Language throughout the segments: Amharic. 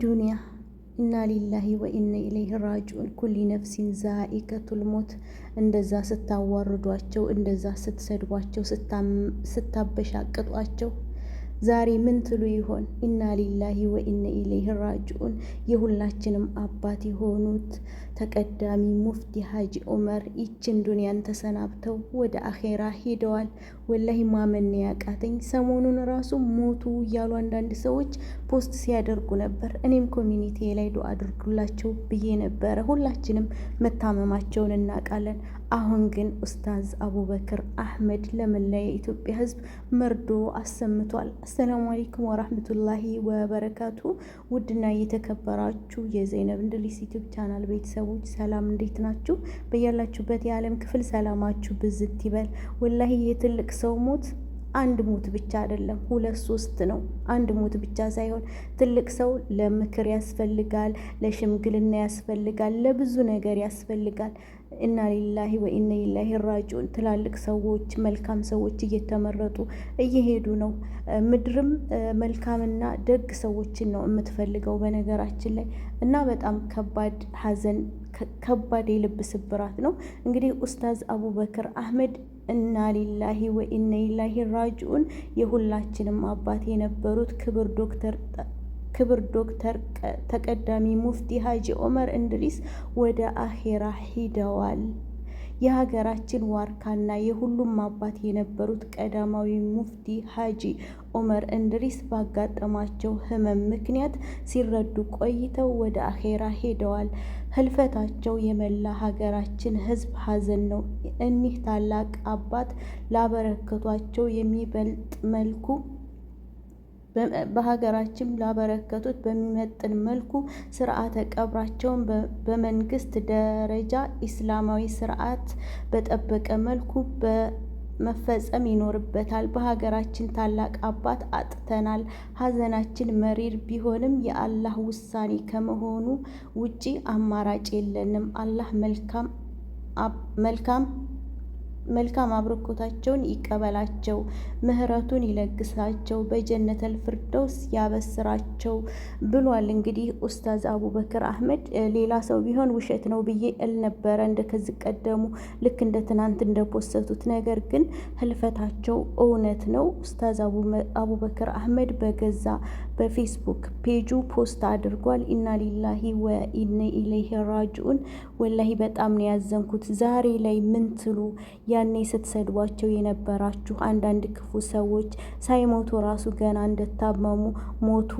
ዱንያ ኢና ሊላሂ ወኢነ ኢለይህ ራጅዑን ኩሊ ነፍሲን ዛኢቀቱል ሞት። እንደዛ ስታዋርዷቸው፣ እንደዛ ስትሰድቧቸው፣ ስታበሻቅጧቸው ዛሬ ምን ትሉ ይሆን? ኢና ሊላሂ ወኢነ ኢለይህ ራጅዑን። የሁላችንም አባት የሆኑት ተቀዳሚ ሙፍቲ ሀጂ ዑመር ይችን ዱንያን ተሰናብተው ወደ አኼራ ሄደዋል። ወላሂ ማመን ያቃተኝ። ሰሞኑን ራሱ ሞቱ እያሉ አንዳንድ ሰዎች ፖስት ሲያደርጉ ነበር። እኔም ኮሚኒቲ ላይ ዱአ አድርጉላቸው ብዬ ነበረ። ሁላችንም መታመማቸውን እናውቃለን። አሁን ግን ኡስታዝ አቡበክር አህመድ ለመላው የኢትዮጵያ ሕዝብ መርዶ አሰምቷል። አሰላሙ አሌይኩም ወራህመቱላሂ ወበረካቱ። ውድና እየተከበራችሁ የዘይነብ እንድሪስ ዩቲዩብ ቻናል ቤተሰቦች ሰላም፣ እንዴት ናችሁ? በያላችሁበት የዓለም ክፍል ሰላማችሁ ብዝት ይበል። ወላሂ የትልቅ ሰው ሞት አንድ ሞት ብቻ አይደለም፣ ሁለት ሶስት ነው። አንድ ሞት ብቻ ሳይሆን ትልቅ ሰው ለምክር ያስፈልጋል፣ ለሽምግልና ያስፈልጋል፣ ለብዙ ነገር ያስፈልጋል። እና ሊላሂ ወኢነ ኢላሂ ራጂዑን ትላልቅ ሰዎች መልካም ሰዎች እየተመረጡ እየሄዱ ነው። ምድርም መልካምና ደግ ሰዎችን ነው የምትፈልገው በነገራችን ላይ እና በጣም ከባድ ሀዘን ከባድ የልብ ስብራት ነው። እንግዲህ ኡስታዝ አቡበክር አህመድ እና ሊላሂ ወኢነ ኢላሂ ራጂዑን የሁላችንም አባት የነበሩት ክብር ዶክተር ክብር ዶክተር ተቀዳሚ ሙፍቲ ሀጂ ኦመር እንድሪስ ወደ አሄራ ሂደዋል። የሀገራችን ዋርካና የሁሉም አባት የነበሩት ቀዳማዊ ሙፍቲ ሀጂ ኦመር እንድሪስ ባጋጠማቸው ሕመም ምክንያት ሲረዱ ቆይተው ወደ አኼራ ሄደዋል። ህልፈታቸው የመላ ሀገራችን ሕዝብ ሀዘን ነው። እኒህ ታላቅ አባት ላበረከቷቸው የሚበልጥ መልኩ በሀገራችን ላበረከቱት በሚመጥን መልኩ ስርዓተ ቀብራቸውን በመንግስት ደረጃ ኢስላማዊ ስርዓት በጠበቀ መልኩ መፈጸም ይኖርበታል። በሀገራችን ታላቅ አባት አጥተናል። ሀዘናችን መሪር ቢሆንም የአላህ ውሳኔ ከመሆኑ ውጪ አማራጭ የለንም። አላህ መልካም መልካም አብርኮታቸውን ይቀበላቸው፣ ምህረቱን ይለግሳቸው፣ በጀነት ፊርደውስ ያበስራቸው ብሏል። እንግዲህ ኡስታዝ አቡበክር አህመድ ሌላ ሰው ቢሆን ውሸት ነው ብዬ እልነበረ እንደ ከዚህ ቀደሙ ልክ እንደ ትናንት እንደፖሰቱት። ነገር ግን ህልፈታቸው እውነት ነው። ኡስታዝ አቡበክር አህመድ በገዛ በፌስቡክ ፔጁ ፖስት አድርጓል። ኢና ሊላሂ ወኢነ ኢለይሂ ራጅኡን። ወላሂ በጣም ነው ያዘንኩት። ዛሬ ላይ ምን ትሉ ያኔ ስትሰድቧቸው የነበራችሁ አንዳንድ ክፉ ሰዎች ሳይሞቱ ራሱ ገና እንደታመሙ ሞቱ፣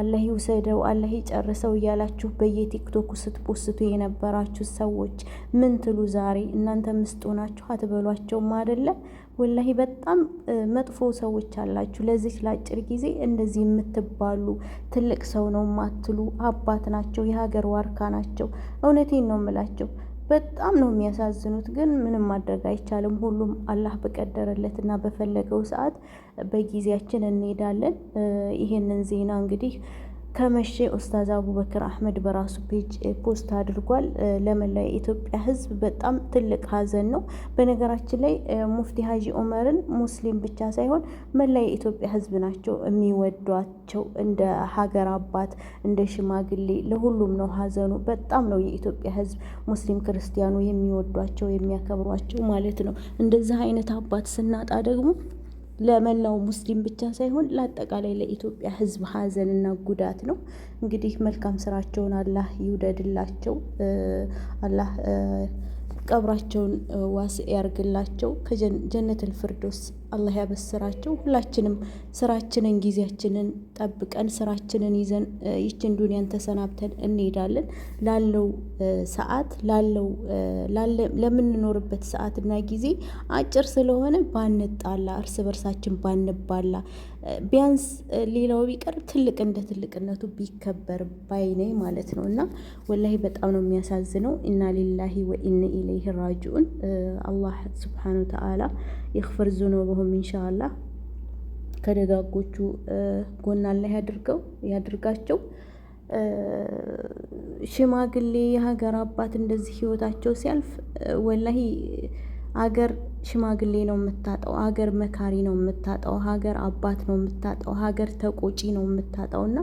አላህ ይውሰደው፣ አላህ ይጨርሰው እያላችሁ በየቲክቶኩ ስትፖስቱ የነበራችሁ ሰዎች ምን ትሉ ዛሬ? እናንተ ምስጡ ናችሁ፣ አትበሏቸውም አይደለም? ወላሂ በጣም መጥፎ ሰዎች አላችሁ። ለዚች ለአጭር ጊዜ እንደዚህ የምትባሉ ትልቅ ሰው ነው ማትሉ አባት ናቸው፣ የሀገር ዋርካ ናቸው። እውነቴን ነው የምላቸው። በጣም ነው የሚያሳዝኑት። ግን ምንም ማድረግ አይቻልም። ሁሉም አላህ በቀደረለት እና በፈለገው ሰዓት በጊዜያችን እንሄዳለን። ይሄንን ዜና እንግዲህ ከመሸ ኡስታዝ አቡበክር አህመድ በራሱ ፔጅ ፖስት አድርጓል። ለመላ የኢትዮጵያ ሕዝብ በጣም ትልቅ ሀዘን ነው። በነገራችን ላይ ሙፍቲ ሀጂ ኡመርን ሙስሊም ብቻ ሳይሆን መላ የኢትዮጵያ ሕዝብ ናቸው የሚወዷቸው እንደ ሀገር አባት፣ እንደ ሽማግሌ ለሁሉም ነው ሀዘኑ። በጣም ነው የኢትዮጵያ ሕዝብ ሙስሊም ክርስቲያኑ የሚወዷቸው የሚያከብሯቸው ማለት ነው። እንደዚህ አይነት አባት ስናጣ ደግሞ ለመላው ሙስሊም ብቻ ሳይሆን ለአጠቃላይ ለኢትዮጵያ ሕዝብ ሀዘንና ጉዳት ነው። እንግዲህ መልካም ስራቸውን አላህ ይውደድላቸው። አላህ ቀብራቸውን ዋስ ያርግላቸው ከጀነተል ፊርዶስ አላህ ያበስራቸው። ሁላችንም ስራችንን ጊዜያችንን ጠብቀን ስራችንን ይዘን ይችን ዱንያን ተሰናብተን እንሄዳለን። ላለው ሰዓት ላለው ለምንኖርበት ሰዓትና ጊዜ አጭር ስለሆነ ባንጣላ፣ እርስ በርሳችን ባንባላ፣ ቢያንስ ሌላው ቢቀር ትልቅ እንደ ትልቅነቱ ቢከበር ባይነኝ ማለት ነው እና ወላሂ በጣም ነው የሚያሳዝነው። ኢና ሊላሂ ወኢነ ኢለይህ ራጅን አላህ ስብሓነ ወተዓላ የክፍር ዙኖ ሁሉም ኢንሻአላ ከደጋጎቹ ጎና ላይ ያድርገው ያድርጋቸው። ሽማግሌ የሀገር አባት እንደዚህ ህይወታቸው ሲያልፍ ወላሂ አገር ሽማግሌ ነው የምታጣው። ሀገር መካሪ ነው የምታጣው። ሀገር አባት ነው የምታጣው። ሀገር ተቆጪ ነው የምታጣው። እና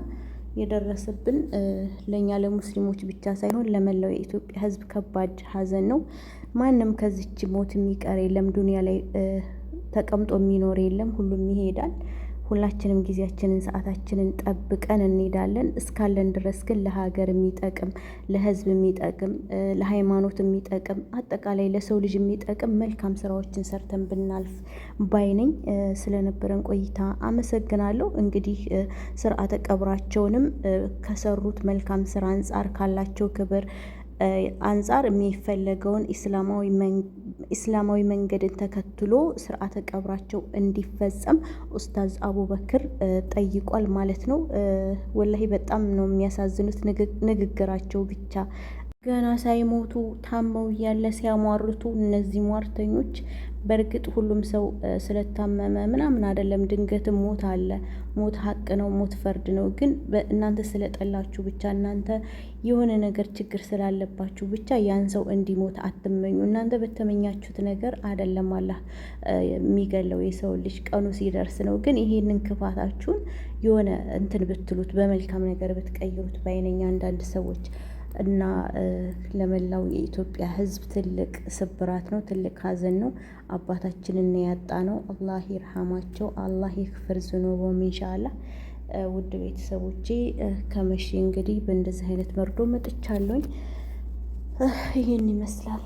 የደረሰብን ለእኛ ለሙስሊሞች ብቻ ሳይሆን ለመላው የኢትዮጵያ ህዝብ ከባድ ሀዘን ነው። ማንም ከዚች ሞት የሚቀር የለም ዱኒያ ላይ ተቀምጦ የሚኖር የለም። ሁሉም ይሄዳል። ሁላችንም ጊዜያችንን ሰዓታችንን ጠብቀን እንሄዳለን። እስካለን ድረስ ግን ለሀገር የሚጠቅም ለህዝብ የሚጠቅም ለሃይማኖት የሚጠቅም አጠቃላይ ለሰው ልጅ የሚጠቅም መልካም ስራዎችን ሰርተን ብናልፍ ባይነኝ። ስለነበረን ቆይታ አመሰግናለሁ። እንግዲህ ስርዓተ ቀብራቸውንም ከሰሩት መልካም ስራ አንጻር ካላቸው ክብር አንጻር የሚፈለገውን ኢስላማዊ መንገድን ተከትሎ ስርዓተ ቀብራቸው እንዲፈጸም ኡስታዝ አቡበክር ጠይቋል ማለት ነው። ወላሂ በጣም ነው የሚያሳዝኑት ንግግራቸው ብቻ ገና ሳይሞቱ ታመው እያለ ሲያሟርቱ እነዚህ ሟርተኞች በእርግጥ ሁሉም ሰው ስለታመመ ምናምን አይደለም። ድንገትም ሞት አለ። ሞት ሀቅ ነው። ሞት ፈርድ ነው። ግን እናንተ ስለጠላችሁ ብቻ እናንተ የሆነ ነገር ችግር ስላለባችሁ ብቻ ያን ሰው እንዲሞት አትመኙ። እናንተ በተመኛችሁት ነገር አይደለም አላህ የሚገለው የሰው ልጅ ቀኑ ሲደርስ ነው። ግን ይሄንን ክፋታችሁን የሆነ እንትን ብትሉት፣ በመልካም ነገር ብትቀይሩት በአይነኛ አንዳንድ ሰዎች እና ለመላው የኢትዮጵያ ሕዝብ ትልቅ ስብራት ነው፣ ትልቅ ሀዘን ነው። አባታችንን ያጣ ነው። አላህ ይርሃማቸው፣ አላህ ይክፍር ዝኑቦም ኢንሻአላህ። ውድ ቤተሰቦቼ ከመቼ እንግዲህ በእንደዚህ አይነት መርዶ መጥቻለሁኝ። ይህን ይመስላል።